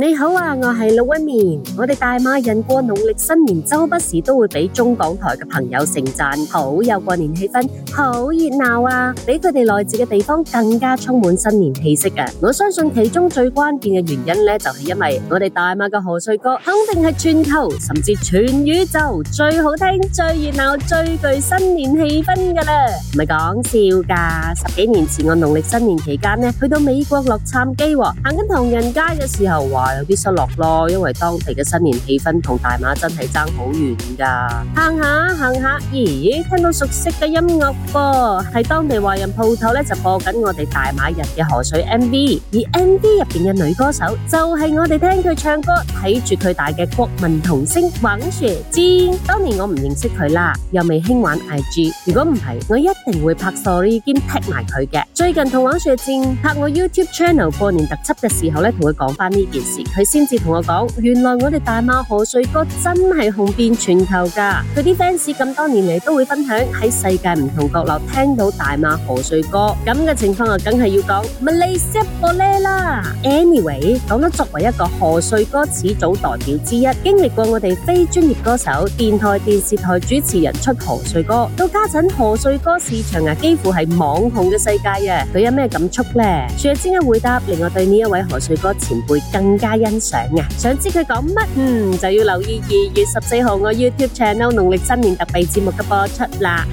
你好啊，我係龍紋敏。我哋大馬人過農曆新年，周不時都會俾中港台嘅朋友盛讚，好有過年氣氛，好熱鬧啊！比佢哋來自嘅地方更加充滿新年氣息嘅。我相信其中最關鍵嘅原因呢，就係、是、因為我哋大馬嘅賀歲歌，肯定係全球甚至全宇宙最好聽、最熱鬧、最具新年氣氛噶啦，唔係講笑噶。十幾年前我農曆新年期間呢，去到美國洛杉磯行緊唐人街嘅時候話。有啲失落咯，因為當地嘅新年氣氛同大馬真係爭好遠噶。行下行下，咦，聽到熟悉嘅音樂噃，喺當地華人鋪頭咧就播緊我哋大馬人嘅河水 M V。而 M V 入邊嘅女歌手就係我哋聽佢唱歌睇住佢大嘅國民童星王雪晶。當年我唔認識佢啦，又未興玩 I G。如果唔係，我一定會拍 story 兼踢埋佢嘅。最近同王雪晶拍我 YouTube channel 過年特輯嘅時候咧，同佢講返呢件事。佢先至同我講，原來我哋大馬賀歲歌真係紅遍全球㗎。佢啲 fans 咁多年嚟都會分享喺世界唔同角落聽到大馬賀歲歌咁嘅情況，我梗係要講 Malaysia Boy 啦。Anyway，講到作為一個賀歲歌始祖代表之一，經歷過我哋非專業歌手、電台、電視台主持人出賀歲歌，到家陣賀歲歌市場啊幾乎係網紅嘅世界啊，佢有咩感觸呢？徐躍之嘅回答令我對呢一位賀歲歌前輩更加欣賞啊！想知佢講乜？嗯，就要留意二月十四號我 YouTube Channel 農曆新年特備節目嘅播出啦。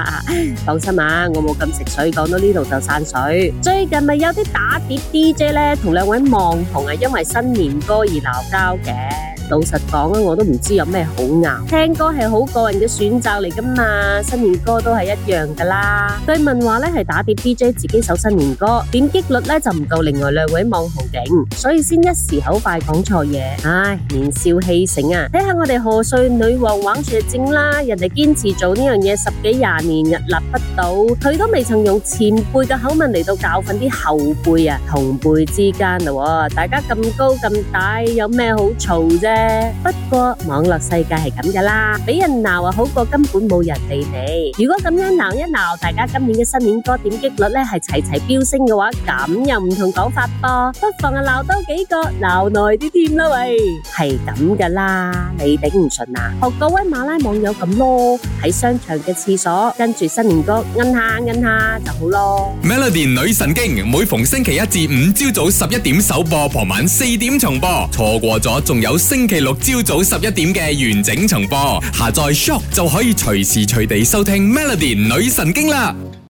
放心嘛，我冇咁食水，講到呢度就散水。最近咪有啲打碟 DJ 咧，同兩位網紅啊，因為新年歌而鬧交嘅。老實講，我都唔知道有咩好拗。聽歌係好個人嘅選擇嚟噶嘛，新年歌都係一樣噶啦。對問話咧係打碟 DJ 自己首新年歌，點擊率咧就唔夠另外兩位網紅勁，所以先一時口快講錯嘢。唉，年少氣盛啊，睇下我哋賀歲女王王雪晶啦，人哋堅持做呢樣嘢十幾廿年屹立不倒，佢都未曾用前輩嘅口吻嚟到教訓啲後輩啊，同輩之間咯、啊，大家咁高咁大，有咩好嘈啫？不過網絡世界係咁噶啦，俾人鬧啊好過根本冇人理你。如果咁樣鬧一鬧，大家今年嘅新年歌點擊率咧係齊齊飆升嘅話，咁又唔同講法噃，不妨啊鬧多幾個，鬧耐啲添啦喂，係咁噶啦，你頂唔順啊？學各位馬拉網友咁咯，喺商場嘅廁所跟住新年歌摁下摁下就好咯。Melody 女神經，每逢星期一至五朝早十一點首播，傍晚四點重播，錯過咗仲有星。星期六朝早十一點嘅完整重播，下載 SYOK 就可以隨時隨地收聽 Melody 女神經啦。